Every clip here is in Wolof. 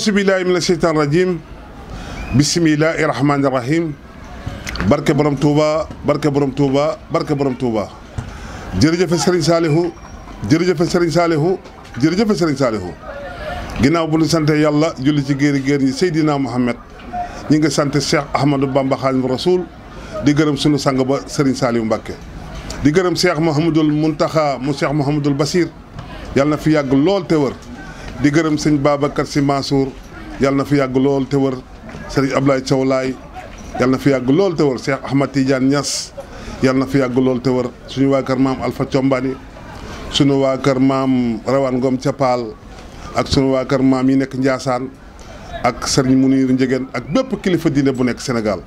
asubillahi mina sheytaan rajim bisimilahi rahmaani rahim barke borom Touba barke borom Touba barke borom Touba jërëjëfe Serigne Salihu jërëjëfe Serigne Salihu jërëjëfe Serigne Salihu ginnaaw bu ñu sant yàlla julli ci géeri géer ñi Seydina Mohamed ñi nga sant Cheikh Ahmadou Bamba Xaadimu di gërëm sunu sang ba Serigne Salihu Mbacke di gërëm Cheikh Mouhamadul Mountakha mu Cheikh Mouhamadul Basir yàlla na fi yàgg lool te wër di gërëm sëñ Babacar si Mansour yàlla na fi yàgg lool te wër sëñ Ablaye Thiaw Laye yàlla na fi yàgg lool te wër Cheikh Ahmad Tidiane Niass yàlla na fi yàgg lool te wër suñu waa kër maam Alpha Thiombani suñu waa kër maam rawan gom ak suñu waa kër maam yi nekk ak sëriñ Mounir Ndiégène ak bépp kilifa diine bu nekk Sénégal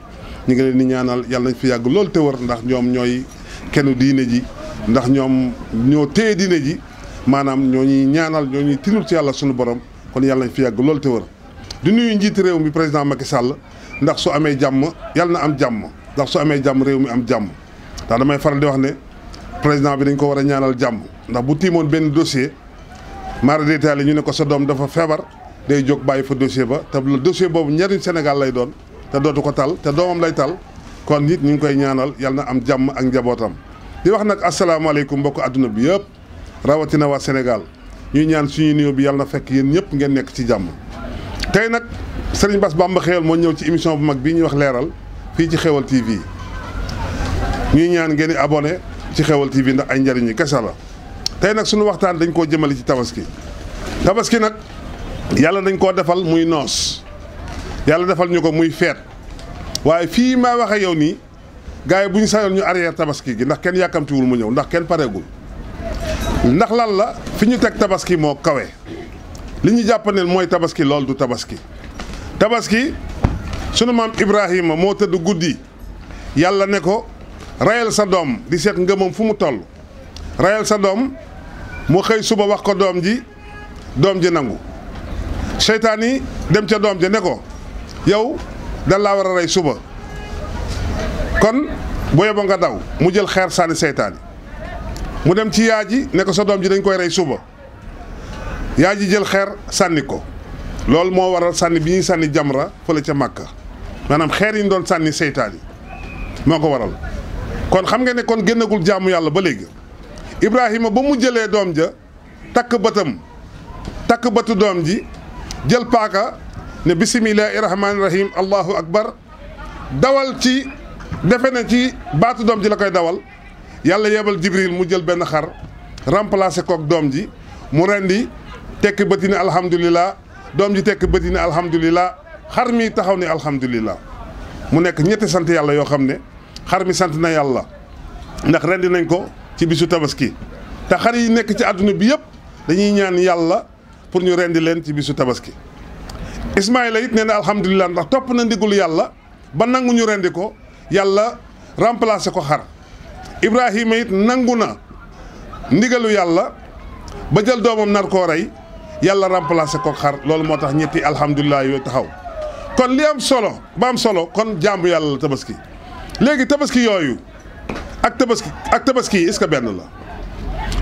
ñi ngi leen di ñaanal yàlla fi yàgg lool te wër ndax ñoom ñooy kenn diine ji ndax ñoom ñoo téye diine ji maanaam ñoo ñuy ñaanal ñoo ñuy tinul ci yàlla sunu borom kon yàlla nañ fi yàgg loolu te wër di nuyu njiiti réew mi président Macky Sall ndax su amee jàmm yàlla na am jàmm ndax su amee jàmm réew mi am jàmm ndax damay faral di wax ne président bi dañ ko war a ñaanal jàmm ndax bu tiimoon benn dossier mara détaillé ñu ne ko sa doom dafa feebar day jóg bàyyi fa dossier ba te dossier boobu njariñ Sénégal lay doon te dootu ko tal te doomam lay tal kon nit ñu ngi koy ñaanal yàlla na am jàmm ak njabootam di wax nag asalaamaaleykum mbokk adduna bi yëpp rawatina waa Sénégal ñuy ñaan suñu nuyoo bi yàlla na fekk yéen ñëpp ngeen nekk ci jàmm. tey nag Serigne Bass Bamba Xéewal moo ñëw ci émission bu mag bii ñuy wax leeral fii ci Xéewal TV ñuy ñaan ngeen di abonné ci Xéewal TV ndax ay njëriñ yu kese la tey nag suñu waxtaan dañ koo jëmale ci tabaski tabaski nag yàlla dañ koo defal muy noos yàlla defal ñu ko muy feet waaye fii maa waxe yow nii gars yi bu ñu sañoon ñu arrière tabaski gi ndax kenn yàkkamtiwul mu ñëw ndax kenn pareegul. ndax lan la fi ñu teg tabaski moo kawe li ñu jàppaneel mooy tabaski lool du tabaski tabaski sunu maam Ibrahima moo tëdd guddi yàlla ne ko rayal sa doom di seet ngëmam fu mu toll rayal sa doom mu xëy suba wax ko doom ji doom ji nangu seytaan dem ca doom ji ne ko yow da la war a rey suba kon boo yeboo nga daw mu jël xeer sànni seytaani mu dem ci yaaji ne ko sa doom ji dañ koy rey suba yaaji jël xeer sànni ko waral sànni bi ñuy sànni jamra fële ca màkka maanaam xeer yi ñu doon sànni seytaan yi moo ko waral kon xam nga ne kon génnagul jaamu yàlla ba léegi ibrahima ba mu jëlee doom ja takk bëtam takk bëtu doom ji jël paaka ne bisimillahi rahmaani rahim allahu akbar dawal ci defe na ci baatu doom ji la koy dawal yàlla yebal jibril mu jël benn xar remplacé kook doom ji mu rendi tekki yi ni alhamdulilah doom ji tekki bët yi ni alhamdulilah xar mi taxaw ni alhamdulilah mu nekk ñetti sant yàlla yoo xam ne xar mi sant na yàlla ndax rendi nañ ko ci bisu tabaski te xar yi nekk ci àdduna bi yëpp dañuy ñaan yàlla pour ñu rendi leen ci bisu tabaski Ismaïla it nee na alhamdulilah ndax topp na ndigul yàlla ba nangu ñu rendi ko yàlla remplacé ko xar Ibrahima it nangu na ndigalu yàlla ba jël doomam nar koo rey yàlla remplacé ko xar loolu moo tax ñetti alhamdulilah yooyu taxaw kon li am solo ba am solo kon jàmbu yàlla la tabaski léegi tabaski yooyu ak tabaski ak tabaski yi ce que benn la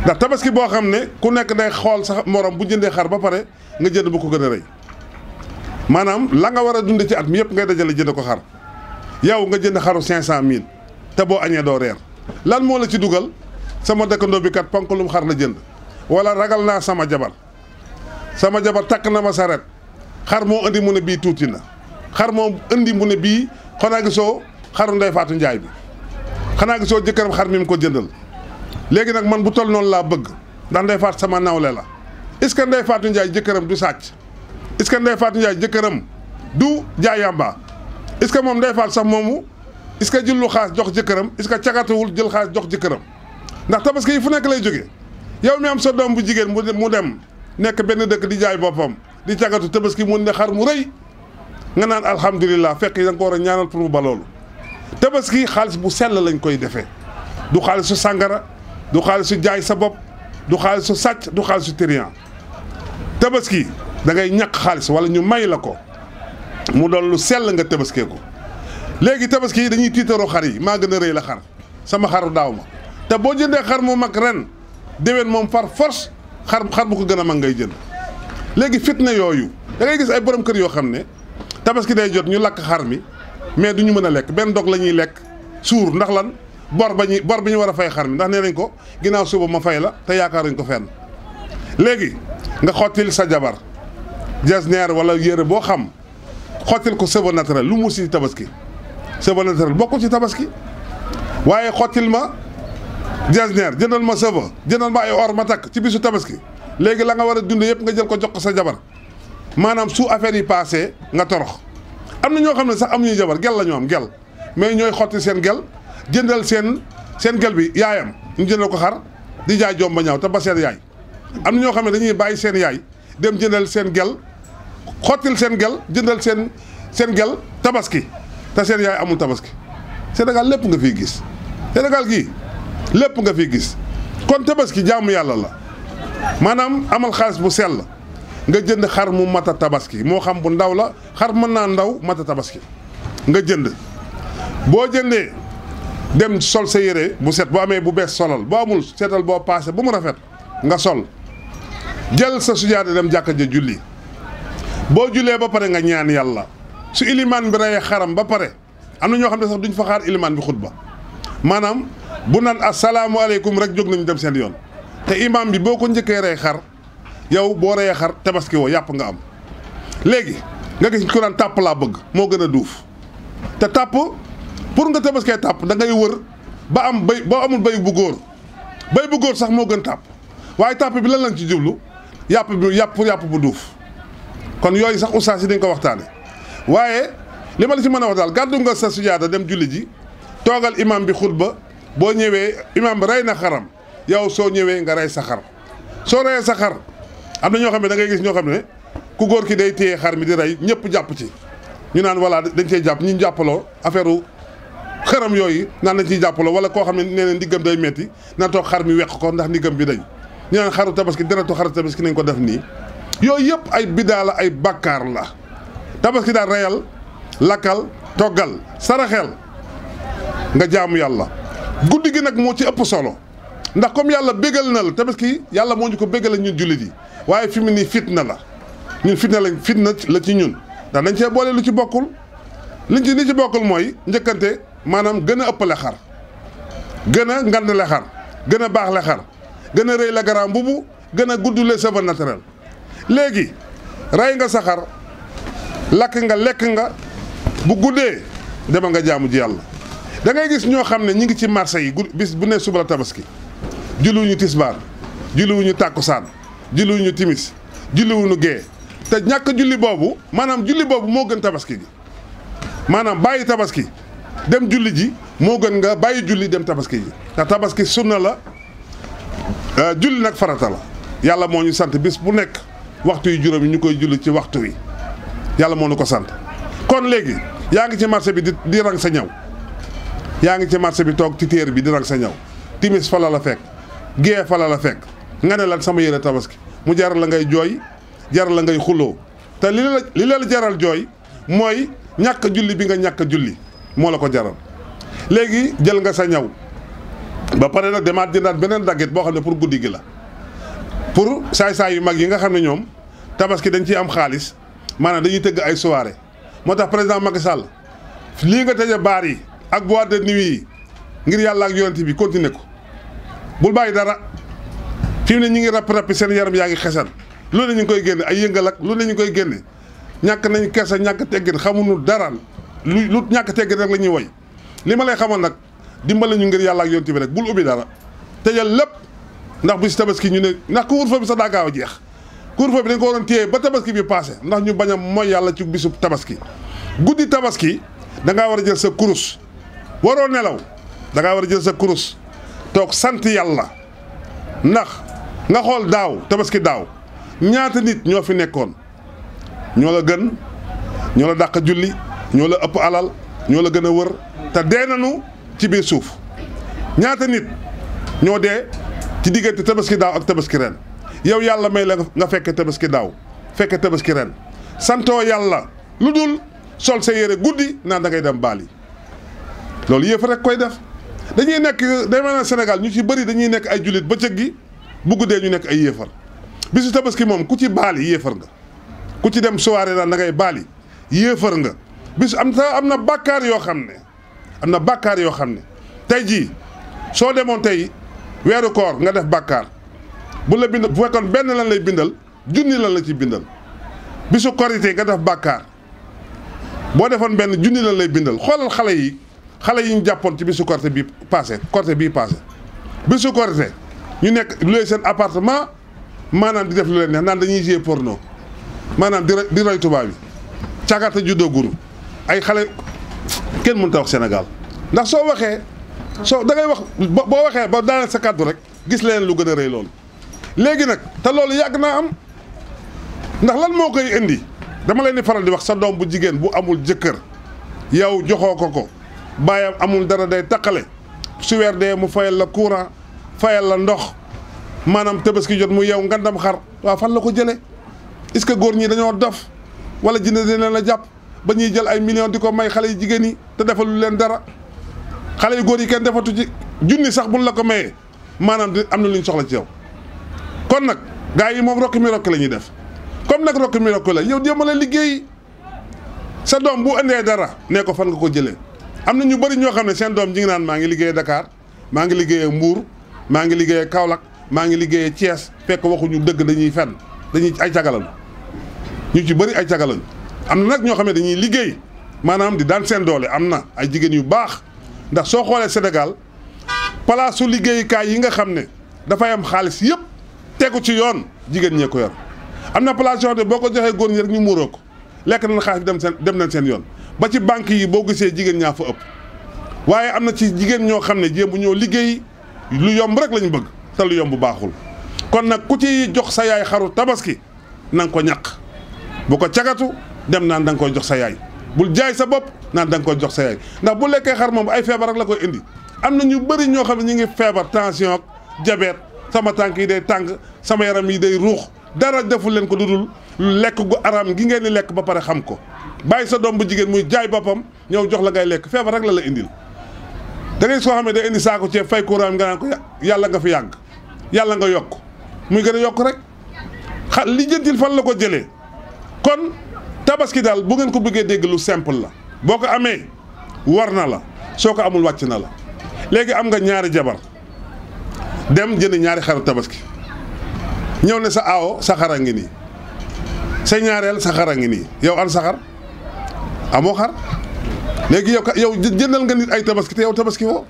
ndax tabaski boo xam ne ku nekk day xool sax morom bu jëndee xar ba pare nga jënd bu ko gën a rëy maanaam la nga war a dund ci at mi yëpp ngay dajale jënd ko xar yow nga jënd xaru cinq cent mille te boo añee doo reer lan moo la ci dugal sama dëkkandoo bi kat ponkalum xar na jënd wala ragal naa sama jabar sama jabar takk na ma saret xar moo indi mu ne bii tuuti na xar moo indi mu ne bii xanaa gisoo xaru Ndeye Fatou Ndiaye bi xanaa gisoo jëkkëram xar mi ko jëndal léegi nag man bu tol noonu laa bëgg ndax Ndeye Fatou sama nawle la est-ce que Ndeye Fatou Ndiaye jëkkëram du sàcc est-ce que Ndeye Fatou jëkkëram du jaayamba est-ce que moom Ndeye Fatou sax moomu iska jël lu xaas jox jëkkëram iska ce que cagatuwul jël xaas jox jëkkëram ndax tabaski yi fu nekk lay jóge yow mi am sa doom bu jigéen mu dem nekk benn dëkk di jaay boppam di cagatu tabaski mu ne xar mu rëy nga naan alhamdulilah fekk da war ñaanal pour ba loolu tabaski xaalis bu sell lañ koy defee du xaalisu sàngara du xaalisu jaay sa bopp du xaalisu sàcc du xaalisu trian tabaski da ngay ñàkk xaalis wala ñu may la ko mu doon lu sell nga tabaskee ko léegi tabaski yi dañuy tiitaroo xar yi maa gën a rëy la xar sama xaru daaw ma te boo jëndee xar mu mag ren déwén moom far force xar xar bu ko gën a mag ngay jën léegi fitna yooyu dangay gis ay borom kër yoo xam ne tabaski day jot ñu lakk xar mi mais du ñu mën a lekk benn dog la ñuy lekk suur ndax lan bor ba ñuy bor bi ñu war a fay xar mi ndax nee nañ ko ginnaaw suba ma fay la te yaakaaruñ ko fenn léegi nga xottil sa jabar jasneer wala yére boo xam xottil ko cheveux naturel lu si tabaski. sa ba la tëral bokkul ci tabaski waaye xottil ma jasneer jëndal ma sëfa jëndal ma ay or ma takk ci bisu tabaski léegi la nga war a dund yëpp nga jël ko jox ko sa jabar maanaam su affaire yi paase nga torox am na ñoo xam ne sax amuñu jabar gel la ñu am gel mais ñooy xotti seen gel jëndal seen seen gel bi yaayam ñu ko xar di jaay joom ba ñaaw te yaay am na ñoo xam ne dañuy bàyyi seen yaay dem jëndal seen gel xottil seen gel jëndal seen seen gel tabaski ta seen yaay amul tabaski Sénégal lépp nga fiy gis Sénégal gii lépp nga fiy gis kon tabaski jaamu yàlla la Manam amal khas bu sell nga jënd xar mu mata tabaski moo xam bu ndaw la xar mën naa ndaw mata tabaski nga jënd boo jëndee dem sol sa yére bu set bu amee bu bees solal boo amul setal boo passé bu mu rafet nga sol jël sa sujaada dem jàkka ja julli boo jullee ba pare nga ñaan yàlla su iliman bi rayee xaram ba pare amna ño xamne sax duñ fa xaar iliman bi khutba manam bu assalamu alaykum rek jog nañu dem sen yoon te imam bi boko ñëkke njëkkee xar yow bo reyee xar tabaski wo yap nga am Legi, nga gis ku nan tap la bëgg mo gëna duuf te tap pour nga tabaskee tap da ngay wër ba am bay bo amul bay bu goor bay bu goor sax mo gën tap waye tap bi lan lañ ci jublu yap bi yap bu duuf kon yoy sax ustaas yi dañ ko waxtane waaye li ci mëna si mën wax nga sa dem julli ji togal imam bi khutba bo ñëwee imam bi na xaram yow so ñëwee nga ray sa xar so ray sa xar am na ñoo xam da ngay gis ño xamné ku gor ki day téye xar mi di ray ñëpp japp ci ñu naan wala dañ cey japp ñi jappalo affaireu xaram yoy naan dañ ci jappalo wala ko xamné ne ndigam day metti na tok xar mi weq ko ndax ndigam bi dañ ñu xaru tabaski xaru tabaski nañ ko def ni yoy yëpp ay bidala ay la tabaski daal reyal lakkal toggal saraxel nga jaamu yàlla guddi gi nag moo ci ëpp solo ndax comme yàlla bégal na la tabaski yàlla moo ñu ko bégal ñun jullit yi waaye fi mu nii fitna la ñun fitna la fitna la ci ñun ndax dañ cee boole lu ci bokkul liñ ci li ci bokkul mooy njëkkante maanaam gën a ëppale xar gën a ngandale xar gën a baax le xar gën a rëy la garaam mbubu gën a gudd le cheveux naturel léegi rey nga sa xar lak nga lek nga bu guddee dem nga jaamu ji yalla da ngay gis ño xam ñi ngi ci marché yi bis bu ne suba ñu tabaski jilu ñu takusan jilu ñu timis ñu gee te ñak julli bobu manam julli bobu mo gën tabaski gi manam bayyi tabaski dem julli ji mo gën nga bayyi julli dem tabaski ji ta tabaski sunna la euh, julli nak farata la yalla moo ñu bis bu waktu waxtu yu juroom ñukoy julli ci waxtu yi yalla mo nu ko kon legui yang ci marché bi di rang sa ñaw yaangi ci marché bi tok ci bi di rang sa ñaw timis fala la fek ge fala la fekk nga ne lan sama yere tabaski mu jaral la ngay joy jaral la ngay xuloo te li la li la jaral joy moy ñaka julli bi nga ñaka julli mo la ko jaral legui jël nga sa ñaw ba paré nak demat jëndaat beneen daggit boo pour la pour say say yu mag yi nga ñom tabaski dañ ci am xaliss maanaam dañuy tëgg ay soirée moo tax président Macky Sall lii nga tëjee baar yi ak boîte de nuit yi ngir yàlla ak yonent bi continuer ko bul bàyyi dara fi mu ne ñu ngi rap rappi seen yaram yaa ngi xesan loolu la ñu ngi koy génne ay yëngal ak loolu la ñu koy génne ñàkk nañ kersa ñàkk teggin xamuñu dara lu lu ñàkk teggin rek la ñuy woy li ma lay xamal nag dimbale ñu ngir yàlla ak yonent bi rek bul ubbi dara tëjal lépp ndax bu si tabaski ñu ne ndax ku wër fa bi sa jeex. couvre-feu bi dañ ko waroon téye ba tabaski bi passé ndax ñu bañ a mooy yàlla ci bisub tabaski guddi tabaski da ngaa war a jël sa kurus waroo nelaw da war a jël sa kurus toog sant yàlla ndax nga xool daaw tabaski daaw ñaata nit ñoo fi nekkoon ñoo la gën ñoo la dàq julli ñoo la ëpp alal ñoo la gën a wër te dee nañu ci biir suuf ñaata nit ñoo dee ci diggante tabaski daaw ak tabaski ren. yow yàlla may la nga fekke tabaski daaw fekke tabaski ren santoo yàlla lu dul sol sa yére guddi naan dangay ngay dem baali loolu yëf rek koy def dañuy nekk day maanaam Sénégal ñu ci bari dañuy nekk ay jullit bëccëg gi bu guddee ñu nekk ay yéefar bisu tabaski moom ku ci baali yéefar nga ku ci dem soirée daan da ngay baali yéefar nga bisu am sa am na bàkkaar yoo xam ne am na bàkkaar yoo xam ne tey jii soo demoon tey weeru koor nga def bàkkaar bu la bind bu fekkoon benn lan lay bindal junni lan la ci bindal bisu korité nga def bàkkaar boo defoon benn junni lan lay bindal xoolal xale yi xale yi ñu jàppoon ci bisu korité bi passé korité bii passé bisu korité ñu nekk luy seen appartement maanaam di def lu leen neex naan dañuy jouer porno maanaam di di roy tubaab yi càggarte juddoo guru ay xale kenn mënut a wax Sénégal ndax soo waxee soo da ngay wax boo waxee ba daaneel sa kàddu rek gis leen lu gën a rëy loolu léegi nak te loolu yàgg naa am ndax lan moo koy indi dama leen faral di wax sa doom bu bu amul jëkkër yow joxoo ko ko amul dara day taqale su weer mu fayal la courant fayal la ndox maanaam tabaski jot mu yow ngandam xar waa fan la ko jëlee est-ce que góor ñi dañoo dof wala jinne dina la jàpp ba ñuy jël ay millions di ko may xale yu jigéen yi te defalu leen dara xale yu yi kenn defatu ci sax buñ la ko di am soxla ci yow. kon nag gars yi moom rokk mi rokk la ñuy def comme nag rokk mi rokk la yow jéem a la liggéey sa doom bu indee dara nee ko fan nga ko jëlee am na ñu bëri ñoo xam ne seen doom ji ngi naan maa ngi liggéey Dakar maa ngi liggéey Mbour maa ngi liggéey Kaolack maa ngi liggéey Thiès fekk waxuñu dëgg dañuy fenn dañuy ay cagalañ ñu ci bëri ay cagalañ am na nag ñoo xam ne dañuy liggéey maanaam di daan seen doole am na ay jigéen yu baax ndax soo xoolee Sénégal palaasu liggéeyukaay yi nga xam ne dafay am xaalis yëpp. tegu ci yoon jigéen ñee ko yor am na place yoo boo ko joxee góor ñi rek ñu muuroo ko lekk nañ xaalis dem seen dem nañ seen yoon ba ci banque yi boo gisee jigéen ñaa fa ëpp waaye am na ci jigéen ñoo xam ne jéem bu ñoo liggéey lu yomb rek lañu bëgg te lu yomb baaxul kon nag ku ci jox sa yaay xaru tabaski na ko ñaq bu ko cagatu dem naan da nga koy jox sa yaay bul jaay sa bopp naan da nga koy jox sa yaay ndax bu lekkee xar moom ay feebar rek la koy indi am na ñu bëri ñoo xam ne ñu ngi feebar tension ak diabète sama tànk yi day tàng sama yaram yi day ruux dara deful leen ko lu dul lekk gu araam gi ngeen di lekk ba pare xam ko bàyyi sa doom bu jigéen muy jaay boppam ñëw jox la ngay lekk feebar rek la la indil da soo xamee day indi saako ceeb fay courant nga naan ko yàlla nga fi yàgg yàlla nga yokk muy gën a yokk rek xa li jëntil fan la ko jëlee kon tabaski daal bu ngeen ko bëggee dégg lu simple la boo ko amee war na la soo ko amul wàcc na la léegi am nga ñaari jabar dem jënd ñaari xaru tabaski ñëw ne sa aawo sa xar a ngi nii sa ñaareel sa xar a ngi nii yow an sa xar amoo xar léegi yow yow jëndal nga nit ay tabaski te yow tabaski foo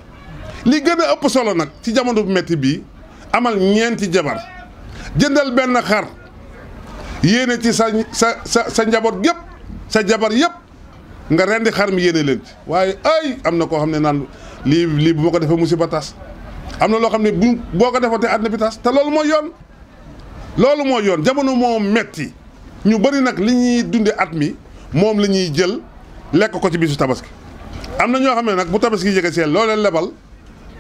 li gën a ëpp solo nag ci jamono bu metti bii amal ñeenti jabar jëndal benn xar yéene ci sa sa sa sa njaboot yëpp sa jabar yëpp nga rendi xar mi yéene leen ci waaye ay am na koo xam ne naan lii lii bu ma ko defee musiba tas am na loo xam ne bu boo ko defatee àddina bi tas te loolu mooy yoon loolu mooy yoon jamono moom metti ñu bëri nag li ñuy dunde at mi moom la ñuy jël lekk ko ci bisu tabaski am na ñoo xam ne nag bu tabaski jege seen loo lebal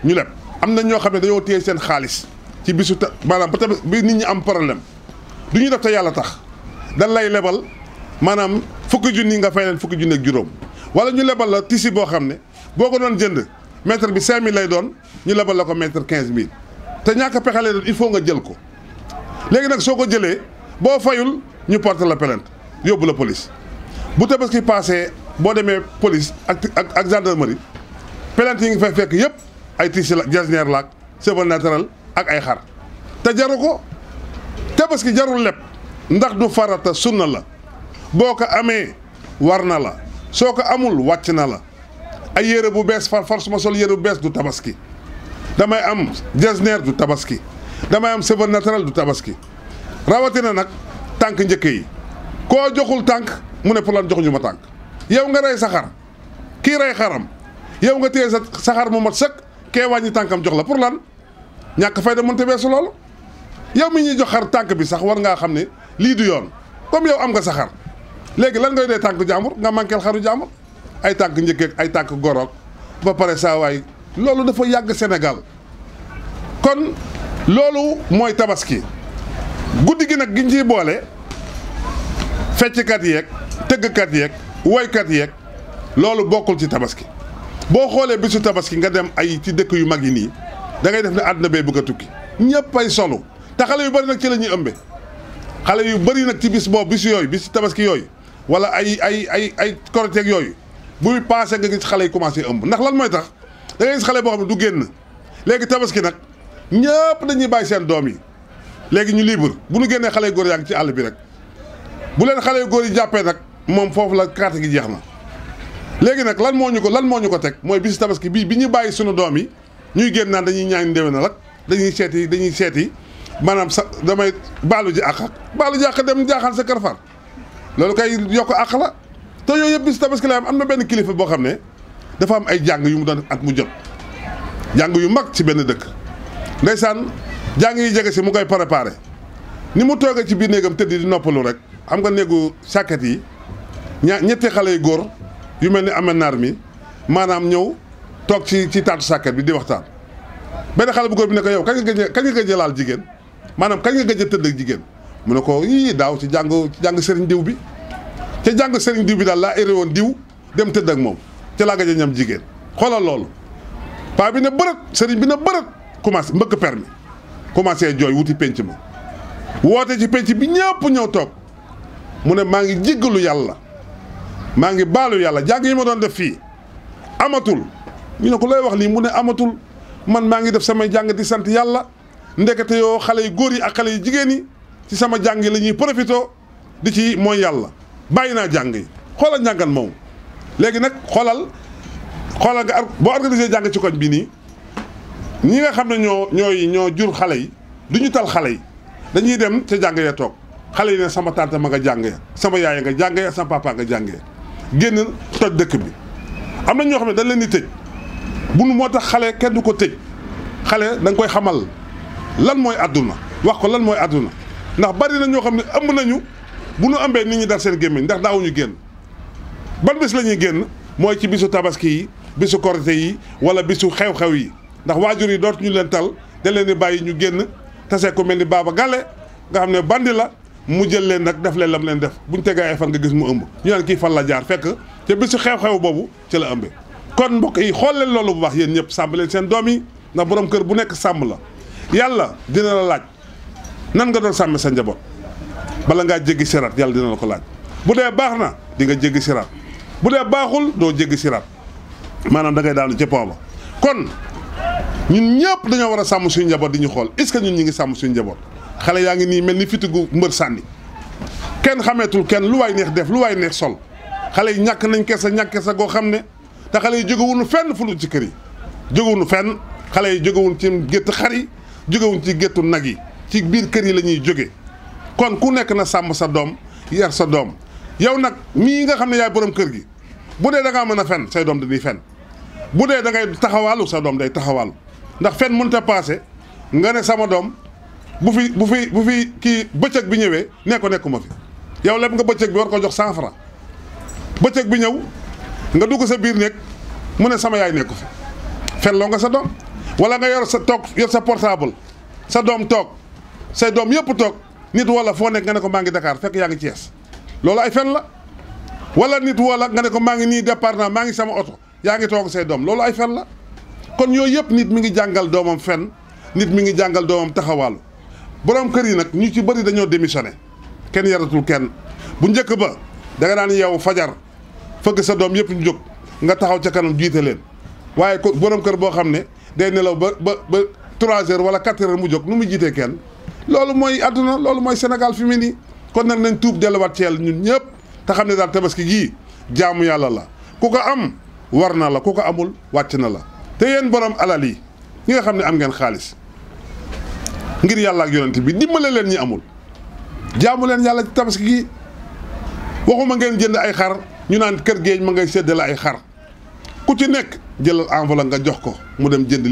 ñu leb am na ñoo xam ne dañoo téye seen xaalis ci bisu ta maanaam ba tamit bi nit ñi am problème du ñu def te yàlla tax dan lay lebal maanaam fukki junni nga fay leen fukki junni ak juróom wala ñu lebal la tisi boo xam ne boo ko doon jënd mètre bi 5000 lay doon ñu lebal la ko mètre 15000 te ñàkk a pexe lay doon il faut nga jël ko léegi nag soo ko jëlee boo fayul ñu porte la plainte yóbbu la police bu tabaski paasee boo demee police ak ak ak gendarmerie plainte yi ngi fay fekk yëpp ay tiisi la jasneer laak cheveux naturel ak ay xar te jaru ko tabaski jarul lépp ndax du farata sunna la boo ko amee war na la soo ko amul wàcc na la ay yere bu bes far force ma sol yere bu bes du tabaski damay am jazner du tabaski damay am seven natural du tabaski rawatina nak tank njëkk yi ko joxul tank, mu ne pour lan joxuñu ma tànk yow nga ray saxar ki ray xaram yow nga tey saxar mu mat sëkk ke wañi tankam jox la pour lan ñàkk fayda mënta weesu lool yow mi ñi jox xar tank bi sax war nga xam li du yoon comme yow am nga saxar lan ngay dee tank jamur nga mankel xaru jamur ay tak ñëkke ay tak gorok ba paré sa way lolu dafa yag Sénégal kon lolu moy tabaski guddi gi nak giñ kat yek fecckat kat yek way kat yek lolu bokul ci tabaski bo xolé bisu tabaski nga dem ay ci dëkk yu mag ni da ngay def na àdduna bee bëgg tukki ñepp ay solo ta xalé yu bari nak ci lañuy ëmbé xalé yu bari nak ci bis bo bisu yoy bisu tabaski yoy wala ay ay ay ay koroteeg yoy buy passé nga gis xale yi commencé ëmb ndax lan mooy tax da gis xale boo xam ne du génn léegi tabaski nag ñëpp dañuy bàyyi seen doom yi léegi ñu libre bu ñu génnee xale góor yaa ngi ci àll bi rek bu leen xale góor yi jàppee nag moom foofu la carte gi jeex na. léegi nag lan moo ñu ko lan moo ñu ko teg mooy bisu tabaski bii bi ñu bàyyi sunu doom yi ñuy génn naan dañuy ñaan na nag dañuy seeti dañuy seeti maanaam sa damay baalu ji àq ak baalu dem jaaxaan sa kër loolu kay yokk àq la. te yooyu yëpp bisu tabaski la am na kilifa bo xamné dafa am ay jang yu mu don at mu jëm jang yu mag ci ben dëkk ndaysan jang yi si mu koy préparer ni mu togué ci bi négam di noppalu rek am nga négu sàkket yi ñetti xalé yu yu melni ni mi maanaam ñëw ci ci taatu bi di waxtaan ben xalé bu góor bi ne ko yow kañ nga kañ nga jëlal jigen manam kañ nga gëjë ak jigen mu ne ko yi daw ci jang serigne diw bi ca jang serigne diw bi dal la ere won diw dem tëdd ak mom ca la gaja ñam jigen xolal lool pa bi ne beurek serigne bi ne beurek commencé mbeuk permi commencé joy wuti penc ma wote ci penc bi ñepp ñew tok mu ne ma ngi jéggalu yalla ma ngi balu yalla jang yi ma don def fi amatul ñu ne ko lay wax li mu ne amatul man ma ngi def sama jang di sante yalla ndekete yo xalé gori ak xalé ci sama jang lañuy profito di ci moy yalla bàyyi naa jàng yi xoolal njàngan moom léegi nag xoolal xoolal nga boo organisé jàng ci koñ bi nii ñi nga xam ne ñoo ñooy ñoo jur xale yi du ñu tal xale yi dañuy dem ca jàng ya toog xale yi ne sama tante ma nga jàng ya sama yaay nga jàng ya sama papa nga jàng ya génn toj dëkk bi am na ñoo xam ne dañ leen di tëj bu nu moo tax xale kenn du ko tëj xale da koy xamal lan mooy àdduna wax ko lan mooy àdduna ndax bari na ñoo xam ne ëmb nañu bu nu ambee nit ñi dar seen gémmiñ ndax daawuñu génn ban bis la ñuy génn mooy ci bisu tabaski yi bisu korité yi wala bisu xew-xew yi ndax waajur yi dootuñu leen tal da leen di bàyyi ñu génn tase ko mel ni baaba gale nga xam ne bandi la mu jël leen nag def leen la lam leen def buñ tegee ay fan nga gis mu ëmb ñu naan kii fan la jaar fekk te bisu xew-xew boobu ci la ëmbee kon mbokk yi xool leen loolu bu baax yéen ñëpp sàmm leen seen doom yi ndax borom kër bu nekk sàmm la yàlla dina la laaj nan nga doon sàmme sa njaboot bala nga jéggi sirat yalla dina la ko laaj bu dee di nga jéggi sirat bu dee baaxul doo jéggi sirat maanaam da ngay daanu ci pomba kon ñun ñëpp dañoo war a sàmm suñu njaboot di ñu xool est ce que ñun ñi ngi sàmm suñu njaboot xale yaa ngi nii mel ni fitigu mbër sànni kenn xameetul kenn lu way neex def lu way neex sol xale yi ñàkk nañ kessa ñàkk kessa goo xam ne te xale yi jógewuñu fenn fu ci kër yi jógewuñu fenn xale yi jógewuñu ci gétt xar yi ci nag yi ci biir kër yi la ñuy kon ku nek na sam sa dom yar sa dom yow nak mi nga xamne yaay borom keur gi budé da nga mëna fenn say dom dañuy fen bu dee da ngay taxawalu sa dom day taxawal ndax fen mën ta passé nga ne sama dom. bu fi bu fi bu fi ki beccëk bi ñëwé nee ko nekuma fi yow lepp nga beccëk bi war ko jox 100 francs beccëk bi ñëw nga dugg sa biir nek mu ne sama yaay nekku fi fen lo nga sa dom wala nga yor sa tok yor sa portable sa dom tok say dom yëpp tok nit wala fo nek nga ne ko mangi ngi Dakar fekk yaa ngi Thiès loolu ay fen la wala nit wala nga ne ko mangi ni departement mangi sama auto yaa ngi say dom loolu ay fen la kon yoy yep nit mi ngi jangal domam fen nit mi ngi jangal domam taxawal borom keur yi nak ñu ci bari dañoo démissioner ken yaratul ken bu ñeuk ba da nga nan yow fajar fekk sa dom yep ñu jog nga taxaw ci kanam jité len waye borom keur bo xamne day nelaw ba ba 3h wala 4h mu jog nu mu loolu mooy àdduna loolu mooy Sénégal fi mu nii kon nag nañ tuub delluwaat ci yàlla ñun ñëpp te xam ne tabaski gii jaamu yàlla la ku am warna na la amul wàcc na la te yéen borom alal yi ñi nga ne am ngeen xaalis ngir yàlla ak yonent bi dimbale leen ñi amul jaamu leen yàlla ci tabaski gii waxuma ngeen jënd ay xar ñu naan kër géej ma ngay séddale ay xar ku ci nekk jëlal nga jox ko mu dem jënd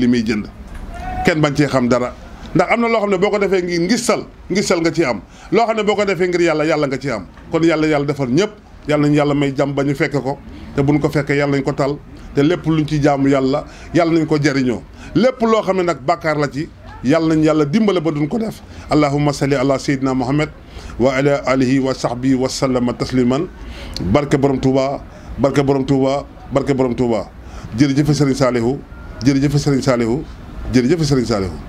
jënd xam dara ndax am na loo xam ne boo ko defee ngir ngistal ngistal nga ci am loo xam ne boo ko defee ngir yàlla yàlla nga ci am kon yàlla yàlla defal ñëpp yàlla nañ yàlla may jàmm ba ñu fekk ko te buñ ko fekkee yàlla ko tal te lépp luñ ci jaamu yàlla yàlla nañ ko jariñoo lépp loo xam ne nag bàkkaar la ci yàlla nañ yàlla dimbale ba duñ ko def allahumma salli ala sayyidina muhammad wa ala alihi wa sahbihi wa sallama tasliman barke borom touba barke borom touba barke borom touba jërëjëf sëriñ saalihu jërëjëf sëriñ saalihu jërëjëf sëriñ saalihu